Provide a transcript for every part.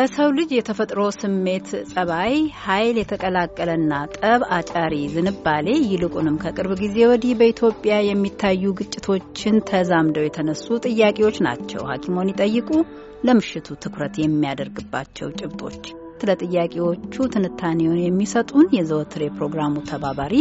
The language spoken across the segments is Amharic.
በሰው ልጅ የተፈጥሮ ስሜት ጸባይ ኃይል የተቀላቀለና ጠብ አጫሪ ዝንባሌ ይልቁንም ከቅርብ ጊዜ ወዲህ በኢትዮጵያ የሚታዩ ግጭቶችን ተዛምደው የተነሱ ጥያቄዎች ናቸው። ሐኪሞን ይጠይቁ ለምሽቱ ትኩረት የሚያደርግባቸው ጭብጦች። ስለ ጥያቄዎቹ ትንታኔውን የሚሰጡን የዘወትር የፕሮግራሙ ተባባሪ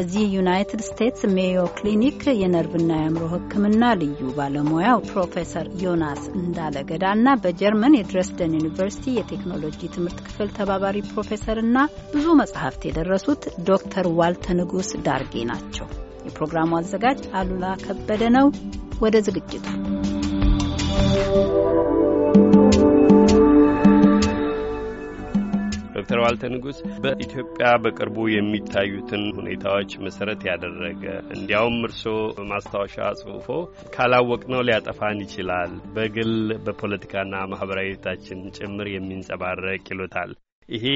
እዚህ ዩናይትድ ስቴትስ ሜዮ ክሊኒክ የነርቭና የአእምሮ ሕክምና ልዩ ባለሙያው ፕሮፌሰር ዮናስ እንዳለ እና በጀርመን የድረስደን ዩኒቨርሲቲ የቴክኖሎጂ ትምህርት ክፍል ተባባሪ ፕሮፌሰር እና ብዙ መጽሐፍት የደረሱት ዶክተር ዋልተ ንጉስ ዳርጌ ናቸው። የፕሮግራሙ አዘጋጅ አሉላ ከበደ ነው። ወደ ዝግጅቱ ዶክተር ዋልተ ንጉስ በኢትዮጵያ በቅርቡ የሚታዩትን ሁኔታዎች መሰረት ያደረገ እንዲያውም እርስዎ በማስታወሻ ጽሁፎ ካላወቅነው ሊያጠፋን ይችላል፣ በግል በፖለቲካና ማህበራዊ ታችን ጭምር የሚንጸባረቅ ይሉታል። ይሄ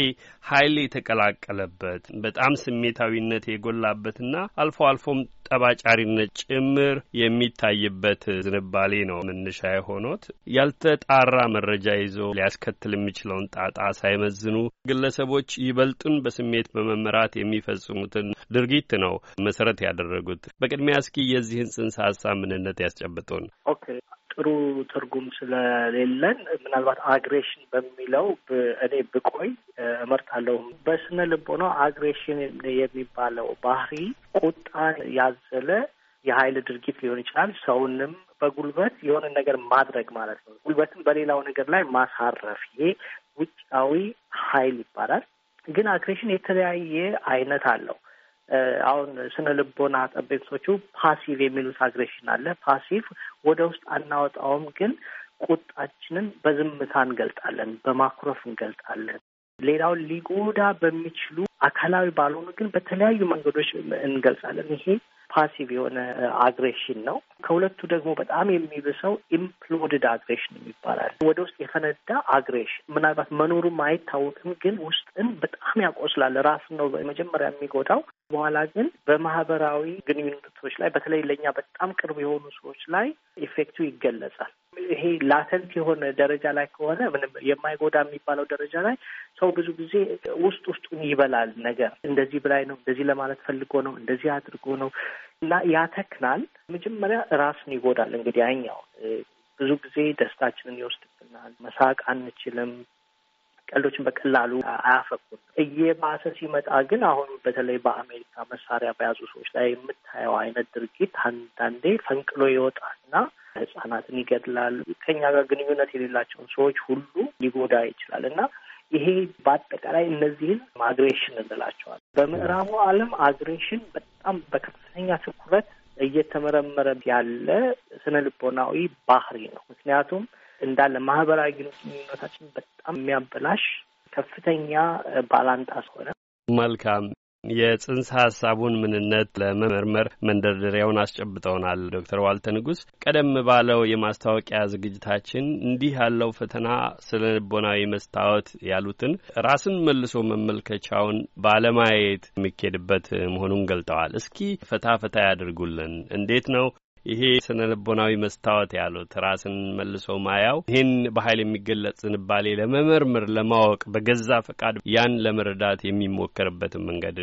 ኃይል የተቀላቀለበት በጣም ስሜታዊነት የጎላበትና አልፎ አልፎም ጠባጫሪነት ጭምር የሚታይበት ዝንባሌ ነው መነሻ የሆኖት። ያልተጣራ መረጃ ይዞ ሊያስከትል የሚችለውን ጣጣ ሳይመዝኑ ግለሰቦች ይበልጡን በስሜት በመመራት የሚፈጽሙትን ድርጊት ነው መሰረት ያደረጉት። በቅድሚያ እስኪ የዚህን ጽንሰ ሀሳብ ምንነት ያስጨብጡን። ኦኬ ጥሩ ትርጉም ስለሌለን ምናልባት አግሬሽን በሚለው እኔ ብቆይ እመርጣለሁ። በስነ ልቦና አግሬሽን የሚባለው ባህሪ ቁጣን ያዘለ የኃይል ድርጊት ሊሆን ይችላል። ሰውንም በጉልበት የሆነ ነገር ማድረግ ማለት ነው። ጉልበትን በሌላው ነገር ላይ ማሳረፍ፣ ይሄ ውጫዊ ኃይል ይባላል። ግን አግሬሽን የተለያየ አይነት አለው። አሁን ስነ ልቦና ጠበብቶቹ ፓሲቭ የሚሉት አግሬሽን አለ። ፓሲቭ ወደ ውስጥ አናወጣውም፣ ግን ቁጣችንን በዝምታ እንገልጣለን፣ በማኩረፍ እንገልጣለን። ሌላውን ሊጎዳ በሚችሉ አካላዊ ባልሆኑ ግን በተለያዩ መንገዶች እንገልጻለን። ይሄ ፓሲቭ የሆነ አግሬሽን ነው። ከሁለቱ ደግሞ በጣም የሚብሰው ኢምፕሎድድ አግሬሽን የሚባላል ወደ ውስጥ የፈነዳ አግሬሽን ምናልባት መኖሩም አይታወቅም፣ ግን ውስጥን በጣም ያቆስላል። ራስን ነው መጀመሪያ የሚጎዳው። በኋላ ግን በማህበራዊ ግንኙነቶች ላይ በተለይ ለእኛ በጣም ቅርብ የሆኑ ሰዎች ላይ ኢፌክቱ ይገለጻል። ይሄ ላተንት የሆነ ደረጃ ላይ ከሆነ ምንም የማይጎዳ የሚባለው ደረጃ ላይ ሰው ብዙ ጊዜ ውስጥ ውስጡን ይበላል። ነገር እንደዚህ ብላይ ነው፣ እንደዚህ ለማለት ፈልጎ ነው፣ እንደዚህ አድርጎ ነው እና ያተክናል። መጀመሪያ ራስን ይጎዳል። እንግዲህ አኛው ብዙ ጊዜ ደስታችንን ይወስድብናል። መሳቅ አንችልም። ቀልዶችን በቀላሉ አያፈኩም። እየባሰ ሲመጣ ግን አሁን በተለይ በአሜሪካ መሳሪያ በያዙ ሰዎች ላይ የምታየው አይነት ድርጊት አንዳንዴ ፈንቅሎ ይወጣና ህጻናትን ይገድላል። ከኛ ጋር ግንኙነት የሌላቸውን ሰዎች ሁሉ ሊጎዳ ይችላል እና ይሄ በአጠቃላይ እነዚህን አግሬሽን እንላቸዋል። በምዕራቡ ዓለም አግሬሽን በጣም በከፍተኛ ትኩረት እየተመረመረ ያለ ስነ ልቦናዊ ባህሪ ነው። ምክንያቱም እንዳለ ማህበራዊ ግንኙነታችን በጣም የሚያበላሽ ከፍተኛ ባላንጣ ሆነ። መልካም የጽንሰ ሀሳቡን ምንነት ለመመርመር መንደርደሪያውን አስጨብጠውናል ዶክተር ዋልተ ንጉስ። ቀደም ባለው የማስታወቂያ ዝግጅታችን እንዲህ ያለው ፈተና ስለ ልቦናዊ መስታወት ያሉትን ራስን መልሶ መመልከቻውን ባለማየት የሚኬድበት መሆኑን ገልጠዋል። እስኪ ፈታ ፈታ ያደርጉልን። እንዴት ነው ይሄ ስነ ልቦናዊ መስታወት ያሉት ራስን መልሶ ማያው ይህን በኃይል የሚገለጽ ዝንባሌ ለመመርመር ለማወቅ በገዛ ፈቃድ ያን ለመረዳት የሚሞከርበትን መንገድ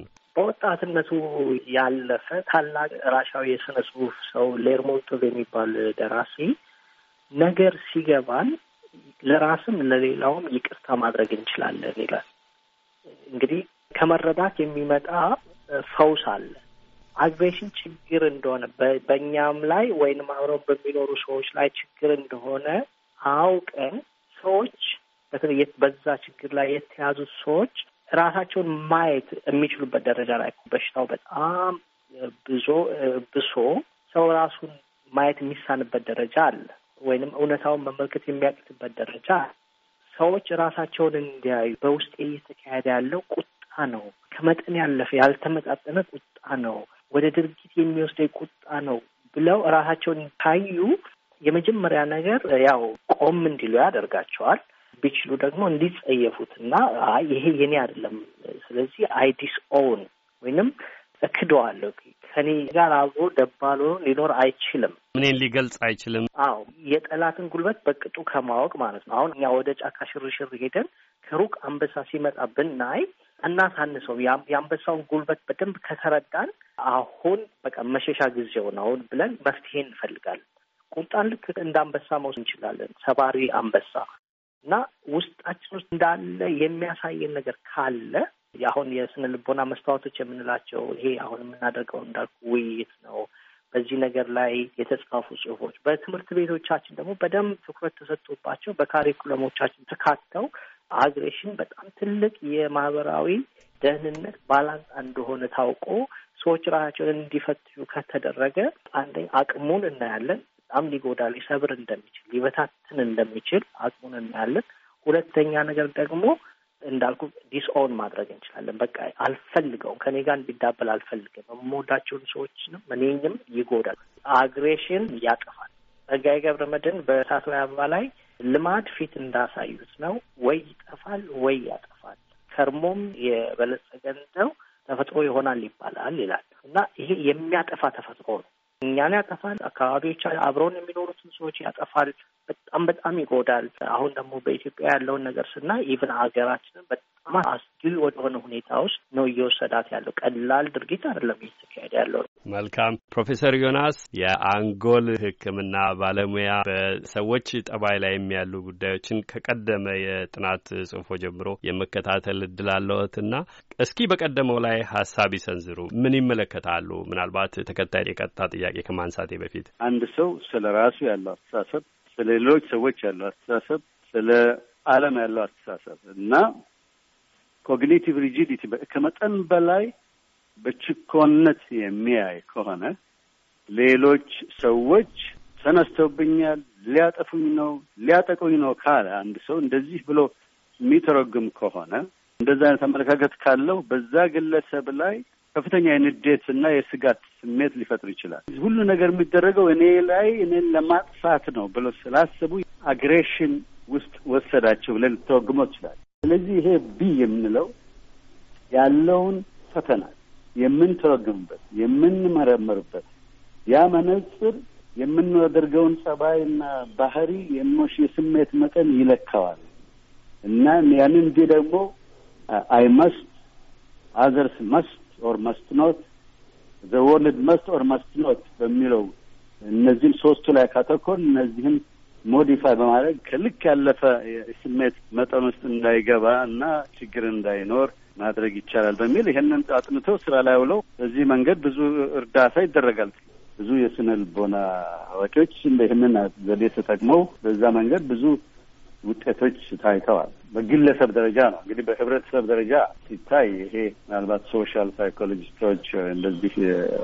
ነው። በወጣትነቱ ያለፈ ታላቅ ራሻዊ የስነ ጽሁፍ ሰው ሌርሞንቶቭ የሚባል ደራሲ ነገር ሲገባን ለራስም ለሌላውም ይቅርታ ማድረግ እንችላለን ይላል። እንግዲህ ከመረዳት የሚመጣ ፈውስ አለ። አግሬሽን ችግር እንደሆነ በእኛም ላይ ወይንም አብረው በሚኖሩ ሰዎች ላይ ችግር እንደሆነ አውቀን ሰዎች በተለይ በዛ ችግር ላይ የተያዙት ሰዎች ራሳቸውን ማየት የሚችሉበት ደረጃ ላይ በሽታው በጣም ብዞ ብሶ ሰው ራሱን ማየት የሚሳንበት ደረጃ አለ፣ ወይንም እውነታውን መመልከት የሚያቅትበት ደረጃ ሰዎች ራሳቸውን እንዲያዩ በውስጤ እየተካሄደ ያለው ቁጣ ነው፣ ከመጠን ያለፈ ያልተመጣጠነ ቁጣ ነው፣ ወደ ድርጊት የሚወስደ ቁጣ ነው ብለው ራሳቸውን ካዩ የመጀመሪያ ነገር ያው ቆም እንዲሉ ያደርጋቸዋል። ቢችሉ ደግሞ እንዲጸየፉት እና ይሄ የኔ አይደለም፣ ስለዚህ አይ ዲስ ኦውን ወይንም እክደዋለሁ ከኔ ጋር አብሮ ደባሎ ሊኖር አይችልም፣ ምኔን ሊገልጽ አይችልም። አዎ የጠላትን ጉልበት በቅጡ ከማወቅ ማለት ነው። አሁን እኛ ወደ ጫካ ሽርሽር ሄደን ከሩቅ አንበሳ ሲመጣ ብናይ እናሳንሰው። የአንበሳውን ጉልበት በደንብ ከተረዳን አሁን በቃ መሸሻ ጊዜው ነው ብለን መፍትሄ እንፈልጋለን። ቁጣን ልክ እንደ አንበሳ መውሰድ እንችላለን። ሰባሪ አንበሳ እና ውስጣችን ውስጥ እንዳለ የሚያሳየን ነገር ካለ አሁን የስነ ልቦና መስታወቶች የምንላቸው ይሄ አሁን የምናደርገው እንዳልኩ ውይይት ነው። በዚህ ነገር ላይ የተጻፉ ጽሁፎች በትምህርት ቤቶቻችን ደግሞ በደንብ ትኩረት ተሰጥቶባቸው በካሪኩለሞቻችን ተካተው አግሬሽን በጣም ትልቅ የማህበራዊ ደህንነት ባላንስ እንደሆነ ታውቆ ሰዎች ራሳቸውን እንዲፈትሹ ከተደረገ አንደኛ አቅሙን እናያለን። በጣም ሊጎዳ ሊሰብር እንደሚችል ሊበታትን እንደሚችል አቅሙን እናያለን። ሁለተኛ ነገር ደግሞ እንዳልኩ ዲስኦን ማድረግ እንችላለን። በቃ አልፈልገውም፣ ከኔ ጋር እንዲዳበል አልፈልግም። የምወዳቸውን ሰዎችንም እኔንም ይጎዳል። አግሬሽን ያጠፋል። ጸጋዬ ገብረ መድኅን በእሳት አበባ ላይ ልማድ ፊት እንዳሳዩት ነው ወይ ይጠፋል ወይ ያጠፋል። ከርሞም የበለጸገን ነው ተፈጥሮ ይሆናል ይባላል ይላል እና ይሄ የሚያጠፋ ተፈጥሮ ነው። እኛን ያጠፋል፣ አካባቢዎች አብረውን የሚኖሩትን ሰዎች ያጠፋል። በጣም በጣም ይጎዳል። አሁን ደግሞ በኢትዮጵያ ያለውን ነገር ስናይ ኢቭን ሀገራችንን አስጊ ወደሆነ ሁኔታ ውስጥ ነው እየወሰዳት ያለው። ቀላል ድርጊት አይደለም እየተካሄደ ያለው። መልካም ፕሮፌሰር ዮናስ የአንጎል ሕክምና ባለሙያ በሰዎች ጠባይ ላይም ያሉ ጉዳዮችን ከቀደመ የጥናት ጽሁፎ ጀምሮ የመከታተል እድል አለዎትና እስኪ በቀደመው ላይ ሀሳብ ይሰንዝሩ። ምን ይመለከታሉ? ምናልባት ተከታይ የቀጥታ ጥያቄ ከማንሳቴ በፊት አንድ ሰው ስለ ራሱ ያለው አስተሳሰብ፣ ስለ ሌሎች ሰዎች ያለው አስተሳሰብ፣ ስለ ዓለም ያለው አስተሳሰብ እና ኮግኒቲቭ ሪጂዲቲ ከመጠን በላይ በችኮነት የሚያይ ከሆነ ሌሎች ሰዎች ተነስተውብኛል፣ ሊያጠፉኝ ነው፣ ሊያጠቁኝ ነው ካለ አንድ ሰው እንደዚህ ብሎ የሚተረጉም ከሆነ እንደዚ አይነት አመለካከት ካለው በዛ ግለሰብ ላይ ከፍተኛ የንዴት የስጋት ስሜት ሊፈጥር ይችላል። ሁሉ ነገር የሚደረገው እኔ ላይ እኔን ለማጥፋት ነው ብሎ ስላሰቡ አግሬሽን ውስጥ ወሰዳቸው ብለን ልተወግሞ ይችላል። ስለዚህ ይሄ ቢ የምንለው ያለውን ፈተና የምንተረጉምበት፣ የምንመረምርበት ያ መነጽር የምናደርገውን ጸባይና ባህሪ የሞሽ የስሜት መጠን ይለካዋል እና ያንን እንዲህ ደግሞ አይ መስት አዘርስ መስት ኦር መስት ኖት ዘ ወርልድ መስት ኦር መስት ኖት በሚለው እነዚህም ሶስቱ ላይ ካተኮር እነዚህም ሞዲፋይ በማድረግ ከልክ ያለፈ ስሜት መጠን ውስጥ እንዳይገባ እና ችግር እንዳይኖር ማድረግ ይቻላል በሚል ይህንን አጥንተው ስራ ላይ ውለው በዚህ መንገድ ብዙ እርዳታ ይደረጋል። ብዙ የስነ ልቦና አዋቂዎች ይህንን ዘዴ ተጠቅመው በዛ መንገድ ብዙ ውጤቶች ታይተዋል። በግለሰብ ደረጃ ነው እንግዲህ፣ በህብረተሰብ ደረጃ ሲታይ ይሄ ምናልባት ሶሻል ሳይኮሎጂስቶች እንደዚህ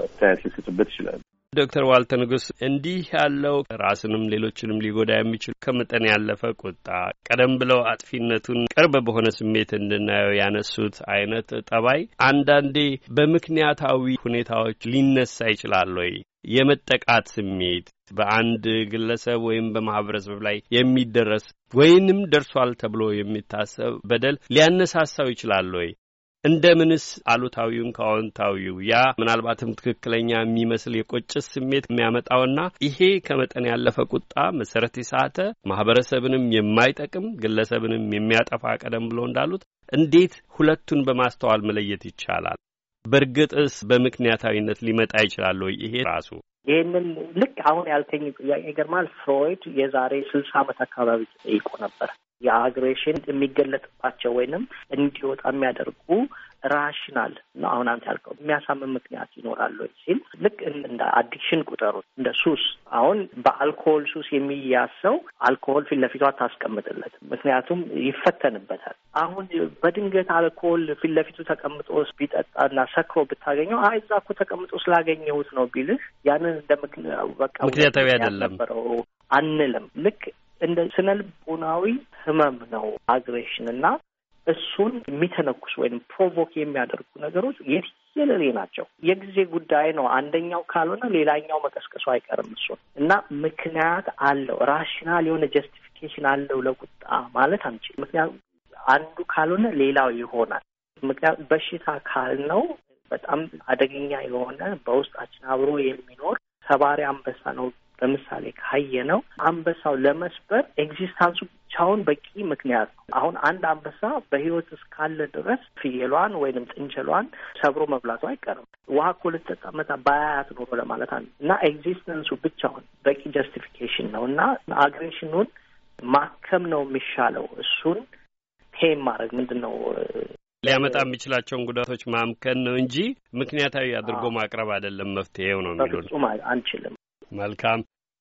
አስተያየት ሊሰጡበት ይችላሉ። ዶክተር ዋልተ ንጉስ እንዲህ ያለው ራስንም ሌሎችንም ሊጎዳ የሚችል ከመጠን ያለፈ ቁጣ ቀደም ብለው አጥፊነቱን ቅርብ በሆነ ስሜት እንድናየው ያነሱት አይነት ጠባይ አንዳንዴ በምክንያታዊ ሁኔታዎች ሊነሳ ይችላል ወይ? የመጠቃት ስሜት በአንድ ግለሰብ ወይም በማህበረሰብ ላይ የሚደረስ ወይንም ደርሷል ተብሎ የሚታሰብ በደል ሊያነሳሳው ይችላል ወይ? እንደምንስ አሉታዊውን ከአዎንታዊው ያ ምናልባትም ትክክለኛ የሚመስል የቆጭስ ስሜት የሚያመጣውና ይሄ ከመጠን ያለፈ ቁጣ መሰረት የሳተ ማህበረሰብንም የማይጠቅም ግለሰብንም የሚያጠፋ ቀደም ብሎ እንዳሉት እንዴት ሁለቱን በማስተዋል መለየት ይቻላል? በእርግጥስ በምክንያታዊነት ሊመጣ ይችላል ወይ? ይሄ ራሱ ይህንን ልክ አሁን ያልከኝ ጥያቄ ይገርማል። ፍሮይድ የዛሬ ስልሳ ዓመት አካባቢ ጠይቆ ነበር። የአግሬሽን የሚገለጥባቸው ወይንም እንዲወጣ የሚያደርጉ ራሽናል ነው። አሁን አንተ ያልከው የሚያሳምን ምክንያት ይኖራሉ ሲል ልክ እንደ አዲክሽን ቁጠሩ፣ እንደ ሱስ። አሁን በአልኮል ሱስ የሚያዝ ሰው አልኮሆል ፊት ለፊቷ አታስቀምጥለትም፣ ምክንያቱም ይፈተንበታል። አሁን በድንገት አልኮል ፊት ለፊቱ ተቀምጦ ቢጠጣና ሰክሮ ብታገኘው አይ እዛ እኮ ተቀምጦ ስላገኘሁት ነው ቢልህ ያንን እንደ በቃ ምክንያታዊ አይደለም አንልም። ልክ እንደ ስነ ልቦናዊ ህመም ነው አግሬሽን እና እሱን የሚተነኩስ ወይም ፕሮቮክ የሚያደርጉ ነገሮች የትየለሌ ናቸው። የጊዜ ጉዳይ ነው። አንደኛው ካልሆነ ሌላኛው መቀስቀሱ አይቀርም። እሱን እና ምክንያት አለው ራሽናል የሆነ ጀስቲፊኬሽን አለው ለቁጣ ማለት አንችል። ምክንያቱም አንዱ ካልሆነ ሌላው ይሆናል። ምክንያቱ በሽታ ካልነው በጣም አደገኛ የሆነ በውስጣችን አብሮ የሚኖር ሰባሪ አንበሳ ነው ለምሳሌ ካየ ነው አንበሳው ለመስበር ኤግዚስታንሱ ብቻውን በቂ ምክንያት ነው። አሁን አንድ አንበሳ በህይወት እስካለ ድረስ ፍየሏን ወይንም ጥንቸሏን ሰብሮ መብላቱ አይቀርም። ውሃ እኮ ልትጠጣመታ ባያያት ኖሮ ለማለት አለ እና ኤግዚስተንሱ ብቻውን በቂ ጀስቲፊኬሽን ነው እና አግሬሽኑን ማከም ነው የሚሻለው። እሱን ቴም ማድረግ ምንድን ነው ሊያመጣ የሚችላቸውን ጉዳቶች ማምከን ነው እንጂ ምክንያታዊ አድርጎ ማቅረብ አይደለም መፍትሄው ነው የሚሉ አንችልም። መልካም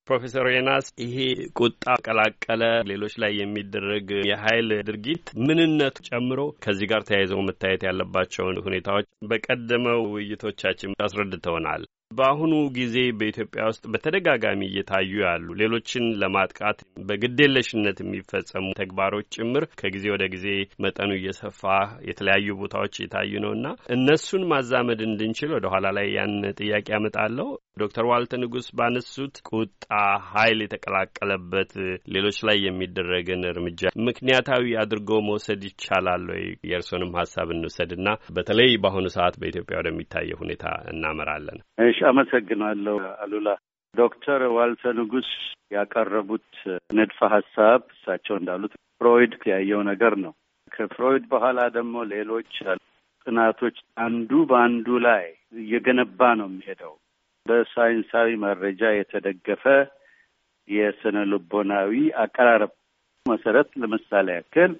ፕሮፌሰር ዮናስ ይሄ ቁጣ ቀላቀለ ሌሎች ላይ የሚደረግ የኃይል ድርጊት ምንነቱ ጨምሮ ከዚህ ጋር ተያይዘው መታየት ያለባቸውን ሁኔታዎች በቀደመው ውይይቶቻችን አስረድተውናል። በአሁኑ ጊዜ በኢትዮጵያ ውስጥ በተደጋጋሚ እየታዩ ያሉ ሌሎችን ለማጥቃት በግዴለሽነት የሚፈጸሙ ተግባሮች ጭምር ከጊዜ ወደ ጊዜ መጠኑ እየሰፋ የተለያዩ ቦታዎች እየታዩ ነውና እነሱን ማዛመድ እንድንችል ወደ ኋላ ላይ ያን ጥያቄ ያመጣለሁ። ዶክተር ዋልተ ንጉስ ባነሱት ቁጣ ኃይል የተቀላቀለበት ሌሎች ላይ የሚደረግን እርምጃ ምክንያታዊ አድርጎ መውሰድ ይቻላል ወይ? የእርስንም ሀሳብ እንውሰድና በተለይ በአሁኑ ሰዓት በኢትዮጵያ ወደሚታየው ሁኔታ እናመራለን። እሺ አመሰግናለሁ አሉላ። ዶክተር ዋልተ ንጉስ ያቀረቡት ንድፈ ሀሳብ እሳቸው እንዳሉት ፍሮይድ ያየው ነገር ነው። ከፍሮይድ በኋላ ደግሞ ሌሎች ጥናቶች አንዱ በአንዱ ላይ እየገነባ ነው የሚሄደው በሳይንሳዊ መረጃ የተደገፈ የስነ ልቦናዊ አቀራረብ መሰረት ለምሳሌ ያክል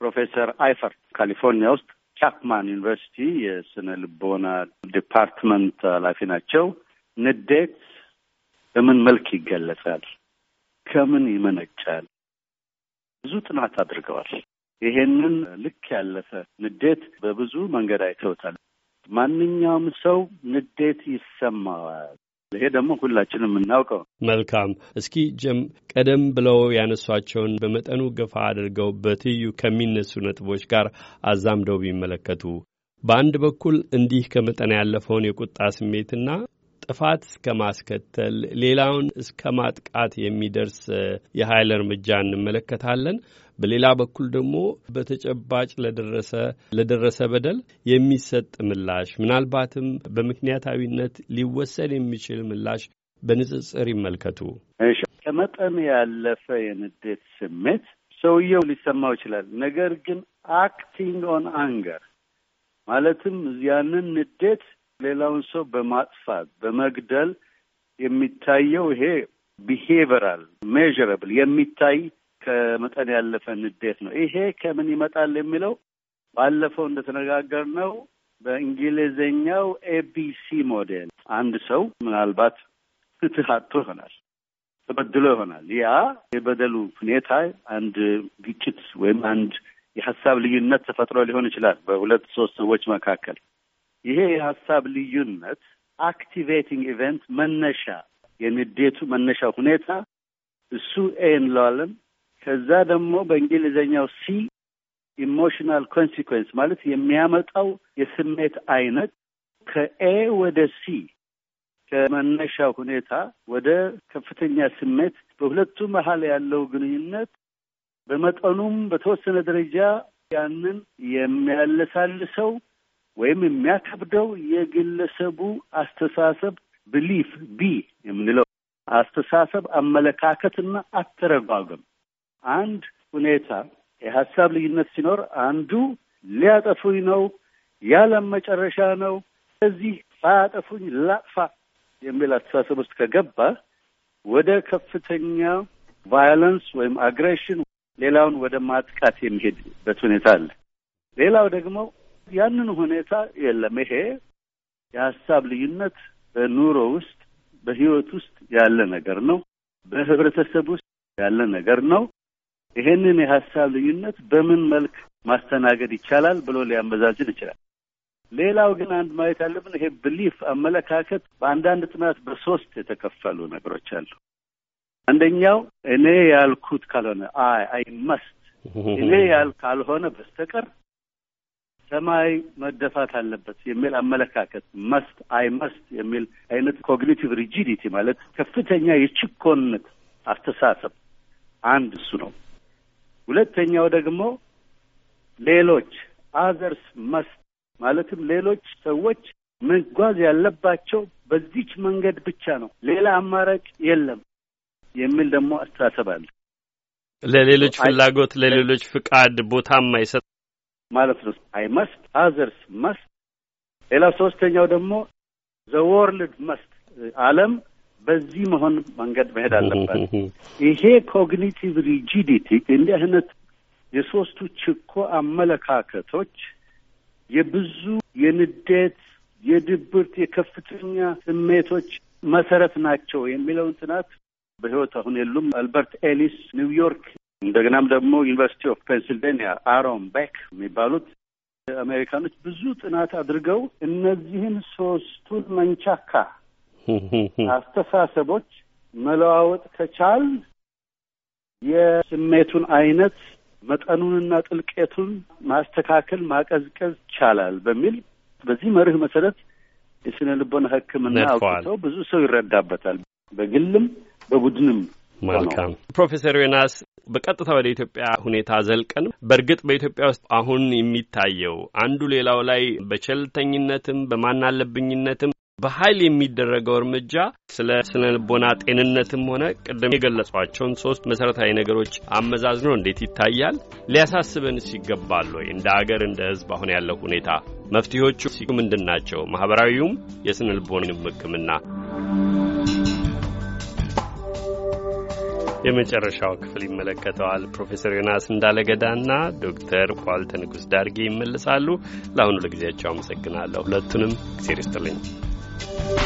ፕሮፌሰር አይፈር ካሊፎርኒያ ውስጥ ቻፕማን ዩኒቨርሲቲ የስነ ልቦና ዲፓርትመንት ኃላፊ ናቸው። ንዴት በምን መልክ ይገለጻል? ከምን ይመነጫል? ብዙ ጥናት አድርገዋል። ይሄንን ልክ ያለፈ ንዴት በብዙ መንገድ አይተውታል። ማንኛውም ሰው ንዴት ይሰማዋል። ይሄ ደግሞ ሁላችንም የምናውቀው። መልካም እስኪ ጅም ቀደም ብለው ያነሷቸውን በመጠኑ ገፋ አድርገው በትይዩ ከሚነሱ ነጥቦች ጋር አዛምደው ቢመለከቱ በአንድ በኩል እንዲህ ከመጠን ያለፈውን የቁጣ ስሜትና ጥፋት እስከ ማስከተል ሌላውን እስከ ማጥቃት የሚደርስ የኃይል እርምጃ እንመለከታለን። በሌላ በኩል ደግሞ በተጨባጭ ለደረሰ ለደረሰ በደል የሚሰጥ ምላሽ ምናልባትም በምክንያታዊነት ሊወሰድ የሚችል ምላሽ በንጽጽር ይመልከቱ። ከመጠን ያለፈ የንዴት ስሜት ሰውየው ሊሰማው ይችላል። ነገር ግን አክቲንግ ኦን አንገር ማለትም ያንን ንዴት ሌላውን ሰው በማጥፋት በመግደል የሚታየው ይሄ ቢሄቨራል ሜዥረብል የሚታይ ከመጠን ያለፈ ንዴት ነው። ይሄ ከምን ይመጣል የሚለው ባለፈው እንደተነጋገር ነው። በእንግሊዝኛው ኤቢሲ ሞዴል አንድ ሰው ምናልባት ፍትህ አጥቶ ይሆናል፣ ተበድሎ ይሆናል። ያ የበደሉ ሁኔታ አንድ ግጭት ወይም አንድ የሀሳብ ልዩነት ተፈጥሮ ሊሆን ይችላል በሁለት ሶስት ሰዎች መካከል። ይሄ የሀሳብ ልዩነት አክቲቬቲንግ ኢቨንት መነሻ የንዴቱ መነሻ ሁኔታ እሱ ኤ እንለዋለን። ከዛ ደግሞ በእንግሊዝኛው ሲ ኢሞሽናል ኮንሲኮንስ ማለት የሚያመጣው የስሜት አይነት ከኤ ወደ ሲ ከመነሻ ሁኔታ ወደ ከፍተኛ ስሜት በሁለቱ መሀል ያለው ግንኙነት በመጠኑም በተወሰነ ደረጃ ያንን የሚያለሳልሰው ወይም የሚያከብደው የግለሰቡ አስተሳሰብ ብሊፍ ቢ የምንለው አስተሳሰብ አመለካከትና አተረጓገም። አንድ ሁኔታ የሀሳብ ልዩነት ሲኖር አንዱ ሊያጠፉኝ ነው ያለም መጨረሻ ነው እዚህ ባያጠፉኝ ላጥፋ የሚል አስተሳሰብ ውስጥ ከገባ ወደ ከፍተኛ ቫዮለንስ ወይም አግሬሽን ሌላውን ወደ ማጥቃት የሚሄድበት ሁኔታ አለ። ሌላው ደግሞ ያንን ሁኔታ የለም ይሄ የሀሳብ ልዩነት በኑሮ ውስጥ በህይወት ውስጥ ያለ ነገር ነው። በህብረተሰብ ውስጥ ያለ ነገር ነው። ይሄንን የሀሳብ ልዩነት በምን መልክ ማስተናገድ ይቻላል ብሎ ሊያመዛዝን ይችላል። ሌላው ግን አንድ ማየት ያለብን ይሄ ብሊፍ አመለካከት በአንዳንድ ጥናት በሶስት የተከፈሉ ነገሮች አሉ። አንደኛው እኔ ያልኩት ካልሆነ አይ አይ መስት እኔ ያል ካልሆነ በስተቀር ሰማይ መደፋት አለበት የሚል አመለካከት መስት አይ መስት የሚል አይነት ኮግኒቲቭ ሪጂዲቲ ማለት ከፍተኛ የችኮነት አስተሳሰብ አንድ እሱ ነው። ሁለተኛው ደግሞ ሌሎች አዘርስ መስት ማለትም ሌሎች ሰዎች መጓዝ ያለባቸው በዚች መንገድ ብቻ ነው፣ ሌላ አማራጭ የለም የሚል ደግሞ አስተሳሰብ አለ። ለሌሎች ፍላጎት፣ ለሌሎች ፍቃድ ቦታ የማይሰጥ ማለት ነው። አይ መስት አዘርስ መስት ሌላ ሶስተኛው ደግሞ ዘ ወርልድ መስት ዓለም በዚህ መሆን መንገድ መሄድ አለበት። ይሄ ኮግኒቲቭ ሪጂዲቲ እንዲህ አይነት የሶስቱ ችኮ አመለካከቶች የብዙ የንዴት፣ የድብርት፣ የከፍተኛ ስሜቶች መሰረት ናቸው የሚለውን ጥናት በህይወት አሁን የሉም አልበርት ኤሊስ ኒውዮርክ፣ እንደገናም ደግሞ ዩኒቨርሲቲ ኦፍ ፔንሲልቬኒያ አሮን ቤክ የሚባሉት አሜሪካኖች ብዙ ጥናት አድርገው እነዚህን ሶስቱን መንቻካ አስተሳሰቦች መለዋወጥ ከቻል የስሜቱን አይነት መጠኑንና ጥልቀቱን ማስተካከል ማቀዝቀዝ ይቻላል በሚል በዚህ መርህ መሰረት የስነ ልቦና ሕክምና አውቅተው ብዙ ሰው ይረዳበታል በግልም በቡድንም። መልካም ፕሮፌሰር ዮናስ በቀጥታ ወደ ኢትዮጵያ ሁኔታ ዘልቀን በእርግጥ በኢትዮጵያ ውስጥ አሁን የሚታየው አንዱ ሌላው ላይ በቸልተኝነትም በማናለብኝነትም በኃይል የሚደረገው እርምጃ ስለ ስነ ልቦና ጤንነትም ሆነ ቅድም የገለጿቸውን ሶስት መሠረታዊ ነገሮች አመዛዝኖ እንዴት ይታያል? ሊያሳስበንስ ይገባል ወይ? እንደ አገር፣ እንደ ሕዝብ አሁን ያለው ሁኔታ መፍትሄዎቹ ምንድን ናቸው? ማኅበራዊውም የስነ ልቦናንም ሕክምና የመጨረሻው ክፍል ይመለከተዋል። ፕሮፌሰር ዮናስ እንዳለገዳና ዶክተር ኳልተ ንጉሥ ዳርጌ ይመልሳሉ። ለአሁኑ ለጊዜያቸው አመሰግናለሁ። ሁለቱንም ጊዜ ርስጥልኝ። Thank you.